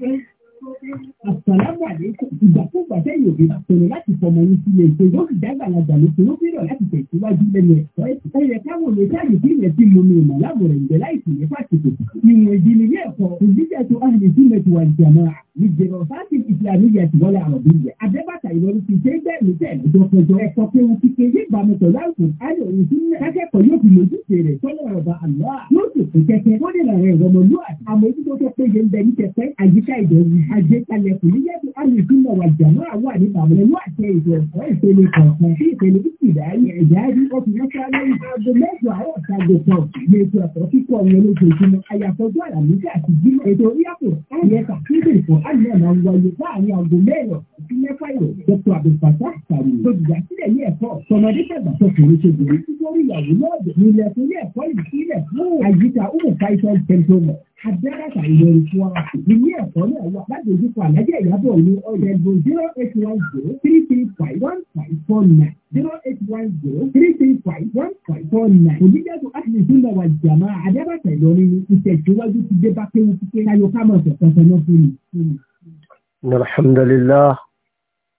pé àtàlágbàdé ìgbàkúgbà tẹ́ lẹ́yìn òbí bá pinnu láti fọmọ yín sílé ìpè yóò sì dá ìgbàlagbà lókè ló bẹ̀rẹ̀ láti tẹ̀síwájú lẹ́nu ẹ̀kọ́ ẹ̀sìn. ẹ̀yẹ káwọn lè ṣáàyè sí ilẹ̀ tí mo ní ìmọ̀ lábọ̀ rẹ̀ láìsí ní fásitì. ìwọ̀n ìdílé ilé ẹ̀kọ́ ìdíjà tó ahli sí ní akẹ́kọ̀ọ́ yóò fi lójú fèrè tọ́lọ̀ ọ̀bà ní tàbí wà jẹ́ ìjọ ẹ̀kọ́ ìpele kọ̀ọ̀kan sí ìpele títí ìdáyé ẹ̀já rí ọkùnrin ọkọ̀ lẹ́yìn aago mẹ́jọ àárọ̀ ṣaago kan ní ètò ẹ̀kọ́ kíkọ́ wọn lójoojúmọ́ àyàfọ́jọ́ àlàmísì àti jímọ̀ ètò orí àpò àyẹ̀kà kíkìrì fún àyẹ̀ máa ń wáyé láàárín aago mẹ́rin wákàtí mẹ́fà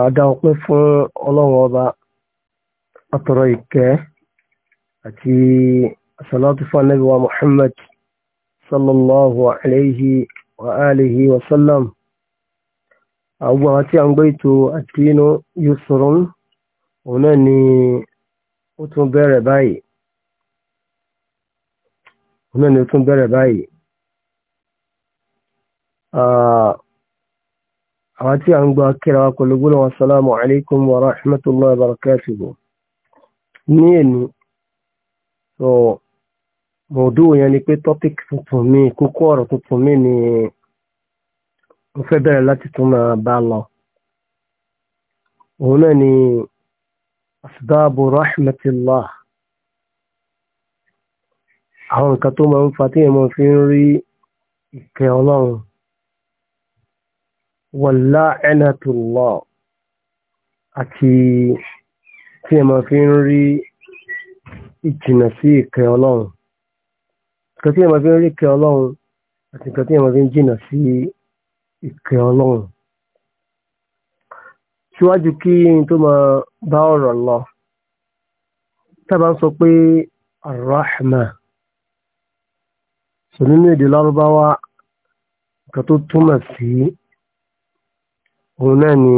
àdá ọpẹ́ fún ọlọ́run ọba àtọrọ ìkẹ́ àti salatu fún ànábì wa Muhammad sallallahu alayhi wa alihi wa sallam àwọn àwọn tí a ń gbé ètò àdínú yusurun òun náà ni ó tún bẹ̀rẹ̀ báyìí òun náà ni ó tún bẹ̀rẹ̀ báyìí àwọn tí a ń gba kíra wa pẹ̀lú gbọ́nà assalamu alaikum wa rahmatullahi wa barakatuhu ní ẹni so mọ̀dú yẹn ni pé topic tuntun mi kókó ọ̀rọ̀ tuntun mi ni mo fẹ́ bẹ̀rẹ̀ láti tún máa bá lọ òun náà ni asbáàbù rahmatillah àwọn nǹkan tó máa ń fa tí èèyàn fi ń rí ìkẹ́ ọlọ́run wàlá'ẹ́nàtùlọ́ àti tí ẹ ma fi ń rí ìjìnà sí ìkẹ́ ọlọ́run nǹkan tí ẹ ma fi ń rí ìkẹ́ ọlọ́run àti nǹkan tí ẹ ma fi ń jìnà sí ìkẹ́ ọlọ́run síwájú kí n tó ma bá ọ̀rọ̀ lọ tábà ń sọ pé arahma sọ nínú èdè lárúbáwá nǹkan tó túmọ̀ sí òun náà ni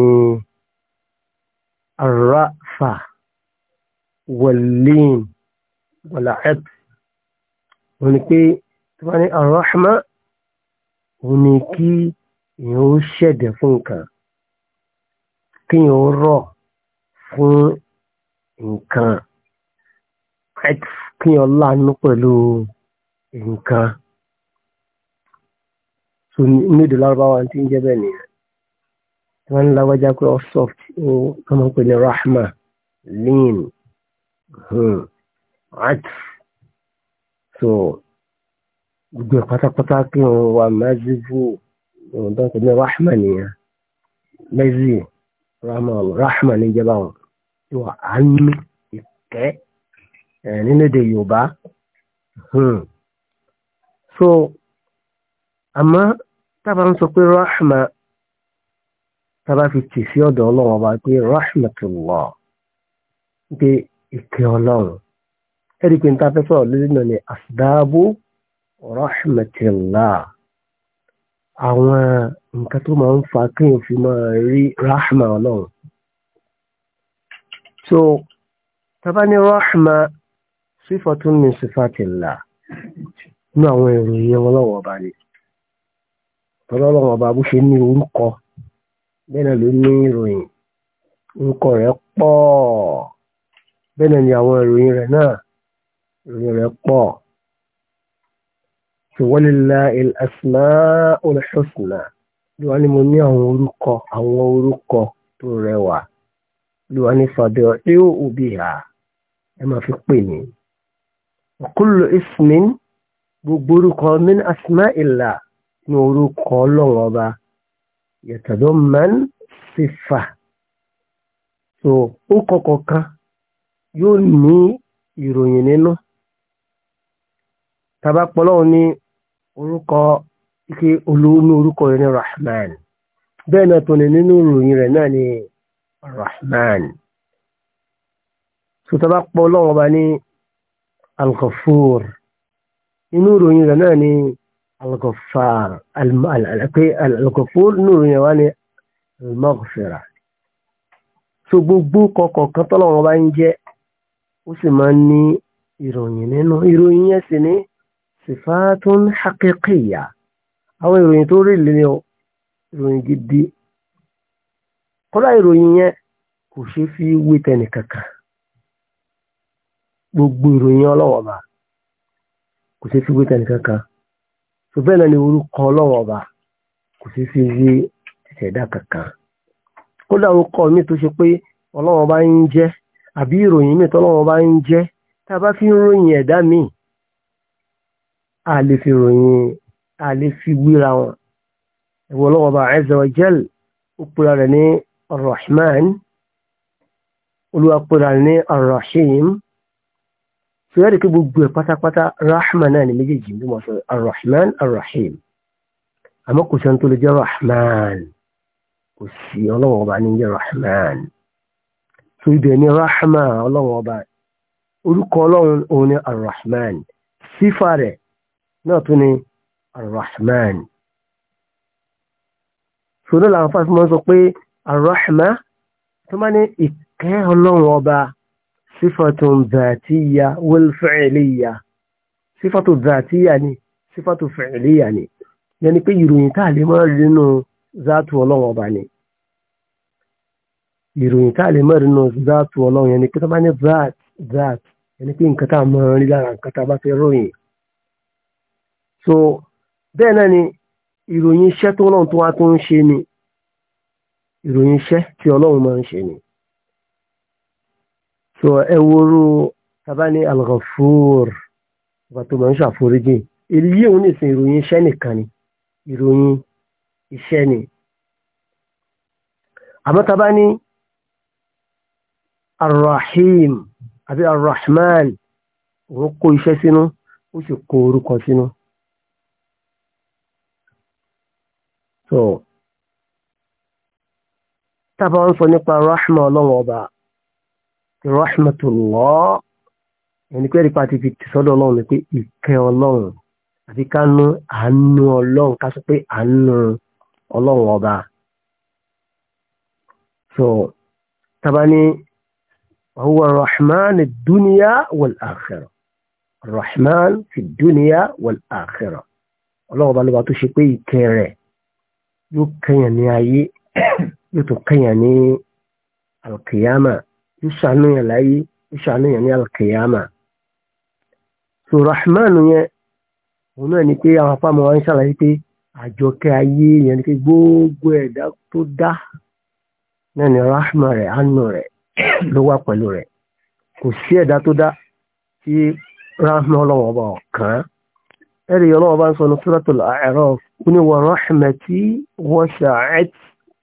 arrafa wal-lin wal-'atf òun ni pé tó bá ní arrahma òun ni kí èèyàn ó ṣẹ̀dẹ̀ fún nǹkan kí ó rọ̀ fún nǹkan kí lánú pẹ̀lú nǹkan tó ní lárúbáwá tí ń jẹ́ bẹ́ẹ̀ nìyẹn tí wọ́n ń lágbájá pé all soft ó kọ́mọ́ pé ní rahma lean hmm, art so gbogbo ẹ̀ pátápátá kí wọ́n wà mazivu wọ́n tó ń pè ní rahma nìyẹn mezi rahma rahma ní ìjọba wọn tí wọ́n á ní ìkẹ́ nínú èdè yorùbá hmm. so àmọ́ tábà ń sọ pé rahma tábà fi tì sí ọ̀dọ̀ ọlọ́run ọba pé rahmatullah pé ìkẹ́ ọlọ́run ẹ̀rí pé níta fẹ́ sọ̀rọ̀ lórí náà ni asdabu rahmatillah àwọn nǹkan tó máa ń fa kéèyàn fi máa rí rahma ọlọ́run so tábà ní rahma sífọ́tún min sífàtìlá nínú àwọn ìròyìn ọlọ́run ọba ni ọlọ́run ọba bó ṣe ní orúkọ bẹ́ẹ̀ náà ló ní ìròyìn nǹkan rẹ̀ pọ̀ bẹ́ẹ̀ náà ni àwọn ìròyìn rẹ̀ náà ìròyìn rẹ̀ pọ̀ walillahi al-asma'ul husna ló wá ní mo ní àwọn orúkọ àwọn orúkọ tó rẹwà ló wá ní fàdé ọ̀dẹ́wò biha ẹ máa fi pè ní. kullu ismin gbogbo orúkọ min asma'illah ní orúkọ ọlọ́run ọba yatadamman sifa so ó kọ̀kọ̀ kan yóò ní ìròyìn nínú tàbá pọ̀lọ́wọ́ ní orúkọ ike olóòmí orúkọ rẹ̀ ní rahman bẹ́ẹ̀ náà tó ní nínú ìròyìn rẹ̀ náà ní rahman so tàbá pọ̀lọ́wọ́ bá ní al-ghafur inú ìròyìn rẹ̀ náà ní الغفار الغفور نور يعني المغفرة so gbogbo kọ̀kọ̀ kan tọ́lọ́wọ́n bá ń jẹ́ ó sì máa ń ní ìròyìn nínú ìròyìn yẹn sì ní sifatun haqiqiyya àwọn ìròyìn tó rí lè o ìròyìn gidi kọ́lá ìròyìn yẹn kò ṣe fi wé tẹnì kankan gbogbo ìròyìn ọlọ́wọ́ bá kò ṣe fi wé tẹnì kankan tó bẹ́ẹ̀ náà ni orúkọ ọlọ́wọ́n ọba kò sí fi wé ẹ̀dá kankan kódà orúkọ mi tó ṣe pé ọlọ́wọ́n ọba ń jẹ́ àbí ìròyìn mi tọ́lọ́wọ́n ọba ń jẹ́ tá a bá fi ń ròyìn ẹ̀dá mi a lè fi ròyìn a lè fi wíra wọn ẹ̀wọ̀ ọlọ́wọ́n ọba azza wa ó pera rẹ̀ ní ar-Rahman olúwa pera rẹ̀ ní ar-Rahim sọ́yà rí pé gbogbo ẹ̀ pátápátá rahman náà ni méjèèjì ló mọ̀ sọ arrahman arrahim àmọ́ kò sẹ́ni tó lè jẹ́ rahman kò sí ọlọ́wọ́n ọba ní jẹ́ rahman tó ibẹ̀ ni rahma ọlọ́wọ́n ọba orúkọ ọlọ́run òun ni arrahman sífà rẹ̀ náà tún ni arrahman sọ́dọ̀ làwọn fásitì mọ́ sọ pé arrahma tó máa ní ìkẹ́ ọlọ́run ọba sífàtún zàtíyà wọlfẹ̀ẹ́lìyà sífàtún zàtíyà ni sífàtún fẹ̀ẹ́lìyà ni yẹni pé ìròyìn tá a lè máa rí nínú záàtù ọlọ́run ọba ni ìròyìn tá a lè máa rí nínú záàtù ọlọ́run yẹni pé tó bá ní zaat zaat yẹni pé nǹkan tá lára nǹkan bá fẹ́ ròyìn so bẹ́ẹ̀ náà ni ìròyìn iṣẹ́ tó ọlọ́run tó wá tó ń ṣe ni ìròyìn iṣẹ́ tí ọlọ́run máa ń ṣe ni so ẹ woro tabani al-Ghafur ọba tó máa ń ṣàforíjì èyí òun nìsín ìròyìn iṣẹ́ nìkan ni ìròyìn iṣẹ́ ni àmọ́ tabani ar àbí ar òun kó iṣẹ́ sínú ó sì kó orúkọ sínú. so tábà ń sọ nípa rahma ọlọ́run ọba rahmatullah ẹni pé ẹ̀rípa ti fi tìsọ́dọ̀ ọlọ́run ni pé ìkẹ́ ọlọ́run àti ká nu àánú ọlọ́run ká sọ pé àánú ọlọ́run ọba. so tabani huwa rahman duniya wal akhirah rahman fi duniya wal akhirah ọlọ́run ọba lọba tó ṣe pé ìkẹ́ rẹ̀ yóò kẹ́yàn ní ayé yóò tó kẹ́yàn ní alkiyama yóò ṣàánúyàn láyé yóò ṣàánúyàn ní alkiyama so rahman yẹn òun náà ni pé àwọn apámọ wa ń ṣàlàyé pé àjọkẹ́ ayé yẹn ni pé gbogbo ẹ̀dá tó dá náà ni rahman rẹ̀ àánú rẹ̀ ló wà pẹ̀lú rẹ̀ kò sí ẹ̀dá tó dá tí rahman ọlọ́wọ́ bá kàn án ẹ̀rí ọlọ́wọ́ bá ń sọ ní suratul A'raf ó ní wa rahmati wasi'at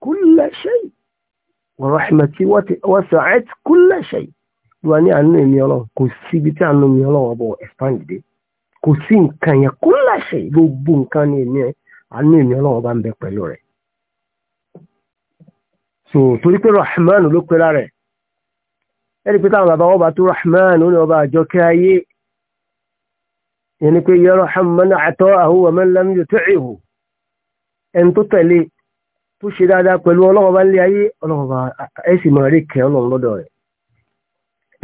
kulla shay' wa rahmatī wasa'at kulla shay' wà ní àánú èmi ọlọ́run kò sí ibi tí àánú èmi ọlọ́run ọbọ̀ expand dé kò sí nǹkan yẹn kulla shay' gbogbo nǹkan ní èmi àánú èmi ọlọ́run ọba ń bẹ pẹ̀lú rẹ̀ so torí pé rahman ló pé lára ẹ̀ ẹni pé táwọn bàbá wọn bá tó rahman ó ní ọba àjọkẹ́ ayé yẹn pé yarham man a'ta'ahu wa man kó ṣe dáadáa pẹ̀lú ọlọ́wọ́ bá ń lé ayé ọlọ́wọ́ bá ẹ̀sìn mọ̀ rí kẹ́ ọlọ́run lọ́dọ̀ rẹ̀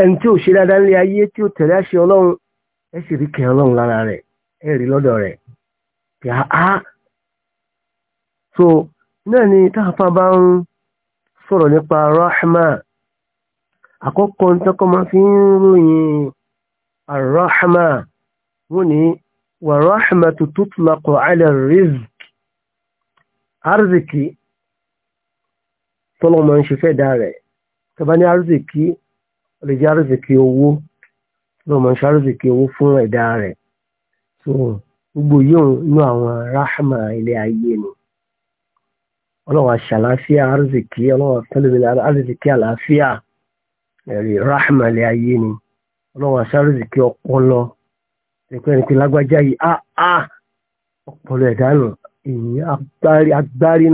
ẹni tí ò ṣe dáadáa ń lé ayé tí ò tẹ̀lé àṣẹ ọlọ́run ẹ̀sìn rí kẹ́ ọlọ́run lára rẹ̀ ẹ̀ rí lọ́dọ̀ rẹ̀ kí á so náà ni bá ń sọ̀rọ̀ nípa rahma àkọ́kọ́ fi ń ròyìn arahma wọ́n ní wà tọ́lọ́ máa ń ṣe fẹ́ dá rẹ̀ tó bá ní àrísìkí ó lè jẹ́ àrísìkí owó tọ́lọ́ máa ń ṣe àrísìkí owó fún ẹ̀dá rẹ̀ so gbogbo yóò inú àwọn ráhàmà ilé ayé ni ọlọ́wà ṣàlàáfíà àrísìkí ọlọ́wà tẹ́lẹ̀mílẹ̀ àrísìkí àlàáfíà ẹ̀rí ráhàmà ilé ayé ni ọlọ́wà ṣàrísìkí ọpọlọ ẹ̀kọ́ lágbájá yìí ah, ah, ọpọlọ ẹ̀dá nù èyí agbárí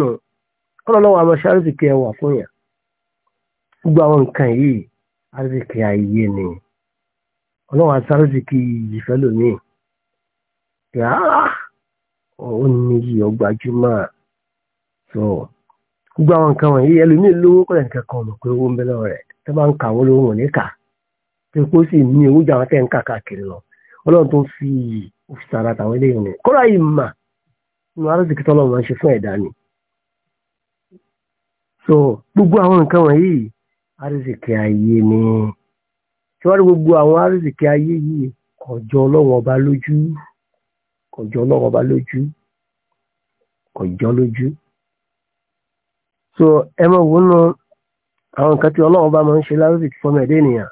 kọ́lọ́lọ́wọ́ àmọ́ ṣe àrísìkí ẹwà fún yà gbogbo àwọn nǹkan yìí àrísìkí ayé ni ọlọ́wọ́ àti àrísìkí yìí lómi yàrá ó ní yìí ọgbàjúmọ́ so gbogbo àwọn nǹkan wọ̀nyí ẹlòmíì lówó kọ́lẹ̀ nǹkan kan mọ̀ pé owó ń bẹ lọ́wọ́ rẹ̀ tẹ́ bá ń ka owó lówó wọn ní kà pé kó sì ní owó jà wọn tẹ́ ń kà káàkiri lọ ọlọ́run tó ń fi òfìsàrà tàwọn eléyìí ni kọ́lá yìí mà nínú àrísìkí tọ́lọ́ máa ń ṣe fún ẹ̀dá ni so gbogbo àwọn nǹkan wọ̀nyí arísìkí ayé ni tí wọ́n rí gbogbo àwọn arísìkí ayé yìí kò jọ Ọlọ́run ọba lójú kò jọ ọba lójú kò lójú so ẹ mọ̀ wọnú àwọn nǹkan tí Ọlọ́run ọba máa ń ṣe lárúsìkí fọmọ ẹ̀dẹ́ ènìyàn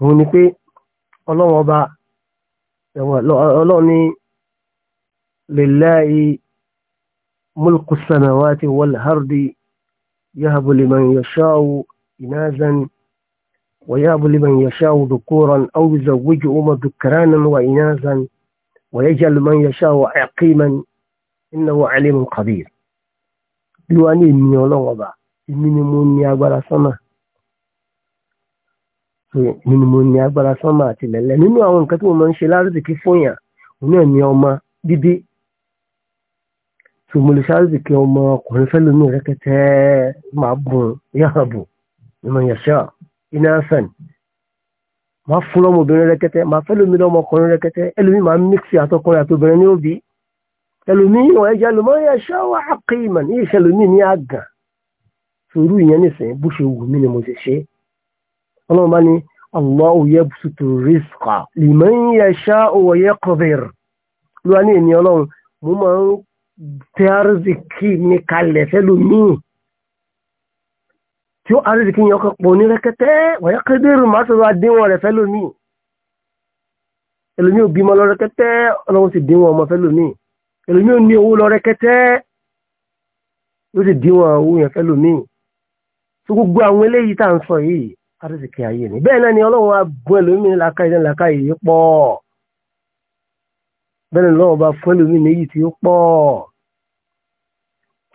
òun ni pé Ọlọ́run ọba Ọlọ́run ní lillahi. ملق السماوات والأرض يهب لمن يشاء إناثا ويهب لمن يشاء ذكورا أو يزوجهم ذكرانا وإناثا ويجعل من يشاء عقيما إنه عليم قدير ìwání èmi ọlọ́wọ́ bá ni agbára sánmà èmi nínú àwọn nǹkan tí mo máa ń ṣe lárúdìkí fún yàn òun náà ni ọmọ bíbí tó mo lè ṣáàzì kí ọmọ ọkùnrin fẹ́ lómi rẹ́kẹ́tẹ́ máa bùn yáhàbù ìmọ̀ yẹ̀ṣẹ́ ináṣẹ́n máa fún lọ́mọbìnrin rẹ́kẹ́tẹ́ máa fẹ́ lómi lọ́mọkùnrin rẹ́kẹ́tẹ́ ẹlòmí máa mixi àtọkùnrin àtobìnrin ní òbí ẹlòmí ìwọ̀n ẹja lòmọ́ yẹ̀ṣẹ́ wà á kí ìmọ̀ ní ìṣẹ́ lòmí ní àgàn sòrú ìyẹn nìsín bó ṣe wù mí ni mo ṣe ṣe ọlọ́run bá ní Allahu yabsutu rizqa liman yasha'u wa yaqdir lóra ní ènìyàn ọlọ́run mo máa ń tẹ arzikí mi kalẹ̀ fẹ́lòmíì tí ó arzikí yẹn ọkọ̀ pọ̀ ní rẹ́kẹ́tẹ́ wọ̀nyẹ́ kédèrú máa sọ̀rọ̀ àdéhùn rẹ̀ fẹ́lòmíì ẹlòmíì ò bímọ lọ rẹ́kẹ́tẹ́ ọlọ́run sì dín wọn ọmọ fẹ́lòmíì ẹlòmíì ò ní owó lọ rẹ́kẹ́tẹ́ ló sì dín wọn owó yẹn fẹ́lòmíì tó gbogbo àwọn eléyìí tá à ń sọ yìí arzikí ayé ni bẹ́ẹ̀ náà ni ọlọ́run á bọ́ ẹlòmíì làkàyè làkàyè pọ̀ bẹ́ẹ̀ lọ́wọ́ bá fún ẹlòmíì ní èyí tí ó pọ̀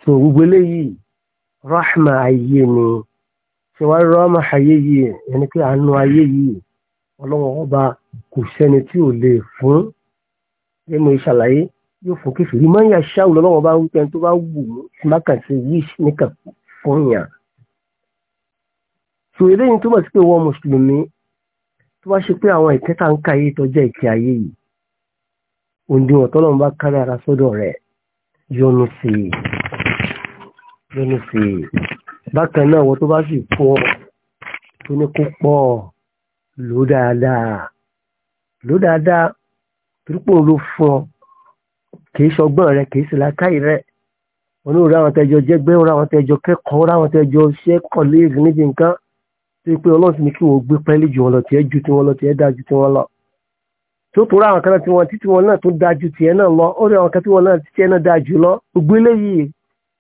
tó gbogbo eléyìí rahma ayé ni ṣe wá rahma ayé yìí ẹni pé àánú ayé yìí ọlọ́wọ́n ọba kò sẹ́ni tí ò lè fún ẹ mo ṣàlàyé yóò fún kéfìrí máa ń yà ṣáwù lọ́wọ́n bá wípé tó bá wù mí mákàtí yìí nìkan fún yàn. sọ eléyìí túmọ̀ sí pé wọ́n mùsùlùmí tó bá ṣe pé àwọn ìkẹta ń ka ayé tó jẹ́ ayé yìí òǹdíwọ̀n tọ́lọ̀ ń bá kárí ara sọ́dọ̀ rẹ̀ yọnu sí i yọnu sí i bákan náà wọ́n tó bá sì pọ̀ tó ní kó pọ̀ lò dáadáa lò dáadáa torípò ló fún ọ kì í ṣọgbọ́n rẹ kì í sì lákàyè rẹ wọn ò ráwọn tẹjọ jẹgbẹ́ wọn ráwọn tẹjọ kẹ́kọ̀ọ́ ráwọn tẹjọ ṣẹ́ kọ̀léègì níbi nǹkan tó yẹ pé ọlọ́run sì ní kí wọ́n gbé pẹ́ẹ́lí ju wọn lọ tiẹ́ ju tiwọn lọ tiẹ́ dáa ju tiwọn lọ tó tó ráwọn kan tí wọn títí wọn náà tó dájú tiẹ̀ náà lọ ó rí àwọn kan tí wọn náà títí ẹ náà dájú lọ gbogbo eléyìí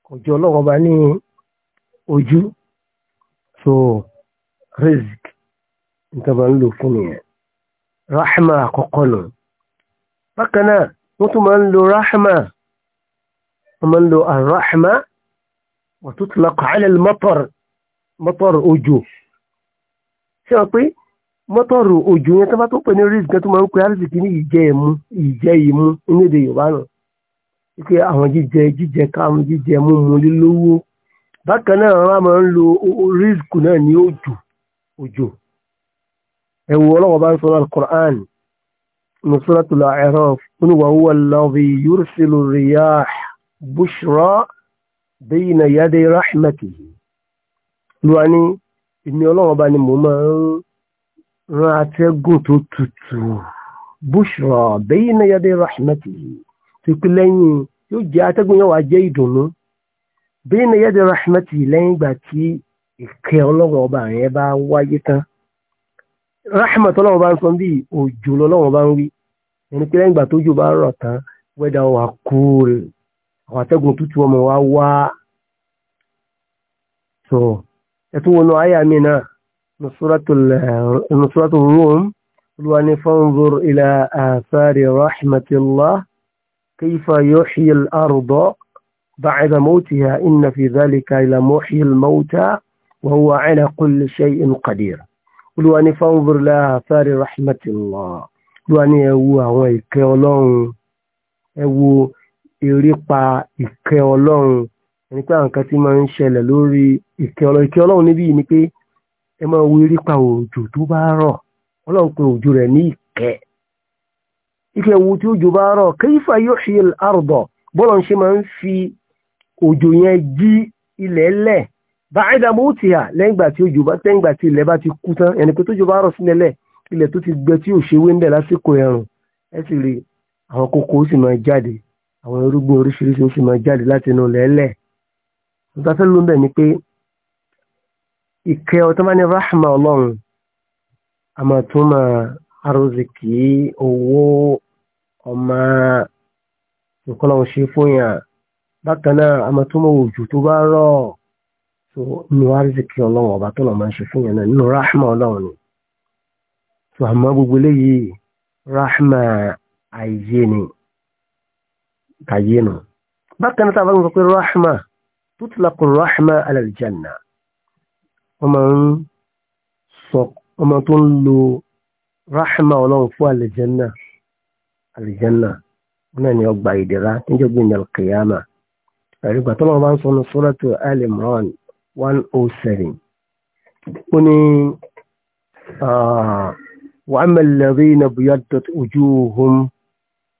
kò jọ ọlọ́wọ́n bá ní ojú so risk nǹkan ń lò fún nìyẹn rahma àkọ́kọ́ nù bákan náà wọ́n tún máa ń lo rahma wọ́n máa ń lo arahma wọ́n tún tún lọ kọ́ àlẹ́ mọ́tọ̀r mọ́tọ̀r òjò ṣé wọ́n pé mọ́tọ̀rù òjò yẹn tó bá tó pè ní rizq tó máa ń pè rizq ní ìjẹ ìmu ìjẹ ìmu inú èdè yorùbá nù wípé àwọn jíjẹ jíjẹ káàmù jíjẹ múmu lílówó bákan náà wọn máa ń lo rizq náà ní òjò òjò ẹ̀wù ọlọ́wọ́ bá ń sọ al-Qur'an ní al A'raf ní wa huwa alladhi yursilu riyah bushra bayna yaday rahmatihi lóra ní ìní ọlọ́wọ́ bá ni mo rán atẹ́gùn tó tutù bushra bayna yaday rahmatihi tó pé lẹ́yìn yóò jẹ́ atẹ́gùn yóò wá jẹ́ ìdùnnú bayna yaday rahmatihi lẹ́yìn ìgbà tí ìkẹ́ ọlọ́run ọba yẹn bá wáyé tán rahmat ọlọ́run bá ń sọ bí òjò lọ́lọ́run bá ń wí ẹni pé lẹ́yìn ìgbà tó jò bá rọ̀ tán wẹ́dà wà cool àwọn atẹ́gùn tútù ọmọ wa wá so ẹtún wọnú àyà mi náà nusratu rum olúwa ní fanzur ila athari rahmatillah kayfa yuhyi al-arda ba'da mawtiha inna fi dhalika ila muhyi al-mawta wa huwa ala kulli shay'in qadir olúwa ní fanzur ila athari rahmatillah olúwa ní ẹ wo àwọn ìkẹ́ ọlọ́run ẹ wo ìrípa ìkẹ́ ọlọ́run ẹni pé àwọn kan ti máa ń ṣẹlẹ̀ lórí ìkẹ́ ọlọ́run ìkẹ́ ọlọ́run níbí ni pé ẹ máa wo erípa òjò tó bá rọ̀ ọlọ́run pé òjò rẹ̀ ní ìkẹ́ ìkẹ́ wo tí òjò bá rọ̀ kayfa yuhyi al-arda bọ́lọ̀ ń ṣe máa ń fi òjò yẹn jí ilẹ̀ lẹ̀ ba'da mawtiha lẹ́yìn ìgbà tí òjò bá tẹ́yìn ìgbà tí ilẹ̀ bá ti kú tán ẹni pé tójò bá rọ̀ sílẹ̀ lẹ̀ ilẹ̀ tó ti gbẹ tí ò ṣe wé ń lásìkò ẹ̀rùn ẹ sì rí àwọn kókó sì máa jáde àwọn irúgbìn oríṣiríṣi sì máa jáde láti lẹ́lẹ̀ nígbà fẹ́ ló bẹ̀ ni pé ìkẹ́ ọtọ́ bá ní rahma ọlọ́run a máa tún máa arózikì owó ọmọ ìkọlọ́run ṣe fún yàn bákan náà a máa tún máa òjò tó bá rọ̀ so nínú arózikì ọlọ́run ọba tó lọ́ máa ṣe fún yàn náà nínú rahma ọlọ́run ni so àmọ́ gbogbo eléyìí rahma ayé ni kàyé nù bákan náà tá a bá ń sọ pé rahma tutlaqu rahma ala aljanna ọmọ tó ń lo rahma ọlọ́run fún àlìjẹ́nà àlìjẹ́nà náà ni ọgbà ìdẹ̀ra níjọ́gbé ní alkiyama ẹ̀rígbà tó lọ́wọ́ bá ń sọ ní suratu al 107 ó ní ah, wa amma alladhina biyaddat wujuhum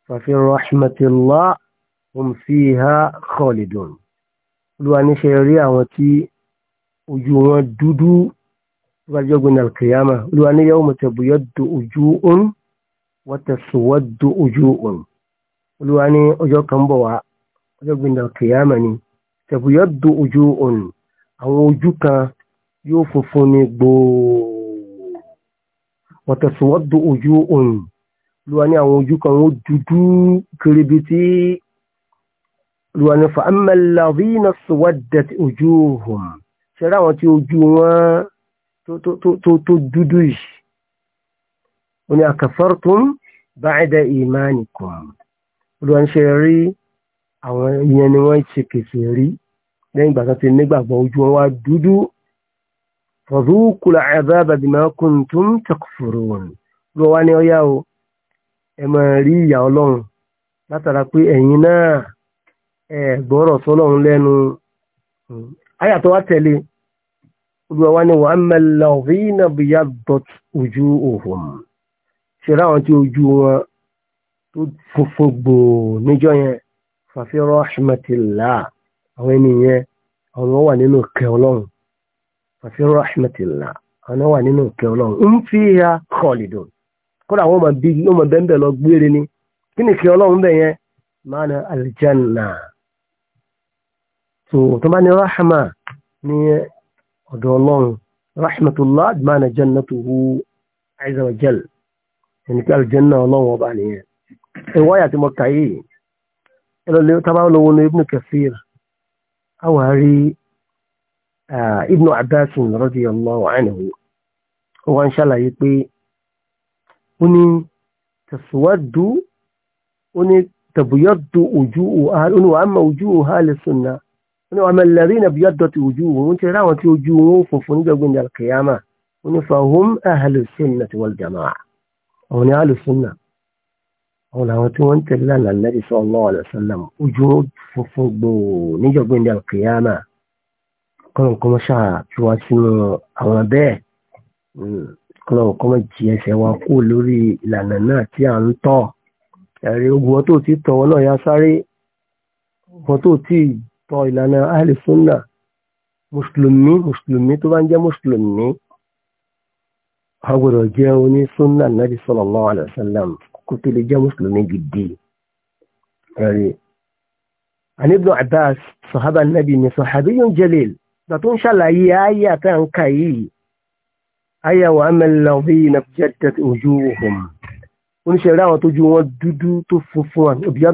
fafi rahmatillah hum fiha khalidun olúwa ní ṣe rí àwọn tí ojú wọn dúdú lọ́jọ́ gbẹ̀nà kìyàmà olúwa ní yawma tabyaddu wujuhun wa taswaddu wujuhun olúwa ní ọjọ́ kan bọ̀ wá ọjọ́ gbẹ̀nà kìyàmà ni tabyaddu wujuhun àwọn ojú kan yóò funfun ní wujuhun olúwa ní àwọn ojú kan wọ́n dúdú kiribiti olúwa ní fa ṣẹ̀rá àwọn tí ojú wọn tó dúdú yìí ó ní akafartum ba'da imanikum olùwànṣẹ́ rí àwọn ìyẹn ni wọ́n ṣe kèsì rí lẹ́yìn ìgbà tó ti nígbàgbọ́ ojú wọn wá dúdú fadhuqul adhaba bima kuntum takfurun ló wá ní ọyá o ẹ máa rí ìyà ọlọ́run látara pé ẹ̀yin náà ẹ gbọ́rọ̀ sọ́lọ́run lẹ́nu àyà tó tẹ̀lé olùwàwá ni wàá mẹ́lẹ̀ ọ̀rìn náà bí yá dọ̀t ojú òhùn ṣẹlẹ̀ àwọn tí ojú wọn tó funfun gbòò níjọ́ yẹn fàfihàn rahmatillah àwọn ènìyàn àwọn wà nínú kẹ ọlọ́run fàfihàn rahmatillah àwọn wà nínú kẹ ọlọ́run ń fi ya kọlìdùn kódà wọn máa bẹ́ẹ̀ lọ gbére ni kí ni kẹ ọlọ́run bẹ̀ yẹn máa na aljanna tó tó bá ní rahma ní ọ̀dọ̀ ọlọ́run rahmatullah admana jannatuhu azza wa jal ẹni pé aljanna ọlọ́run ọba nìyẹn ìwáyà tí mo kà yìí ẹlọ́lẹ́ tábà lọ́wọ́ ní ibnu kathir awari ibnu abbas radiyallahu anhu wọ́n ṣàlàyé pé ó ní tẹ̀síwájú ó ní tẹ̀bùyọ́dù ojú òhà ó ní wàá mọ ojú òhà lẹ́sùn náà ó ní ọmọ ẹlẹ́rìí náà bí ọ̀dọ̀ ti ojú òun ti ráwọn tí ojú òun funfun nígbàgbọ́ ní alkiyama ó ní fahum ahlus sunnati wal jamaa àwọn ni ahlus sunnah àwọn làwọn tí wọ́n ń tẹ̀lé lánàá Nabi sallallahu alaihi wasallam ojú funfun gbòò nígbàgbọ́ ní alkiyama kọ́nà kọ́mọ́ ṣáà tí wọ́n sínú àwọn bẹ́ẹ̀ kọ́nà hmm. kọ́mọ́ jí ẹsẹ̀ wa kó lórí ìlànà náà tí à ń tọ̀ ẹ̀rí ogun wọn tó ti tọ̀ tọ ìlànà ahli sunna mùsùlùmí mùsùlùmí tó bá ń jẹ́ mùsùlùmí a gbọ́dọ̀ jẹ́ oní sunna nàbí sallallahu alaihi wasallam kó tó lè jẹ́ mùsùlùmí gidi ẹ̀rí. àní ibn abbas sahaba nabi ni sahabiyun jalil tó ń ṣàlàyé ayé àtàǹkà yìí ayé wa amalladhina jaddat wujuhum oníṣẹ́ rẹ̀ àwọn tójú wọn dúdú tó funfun àbíyá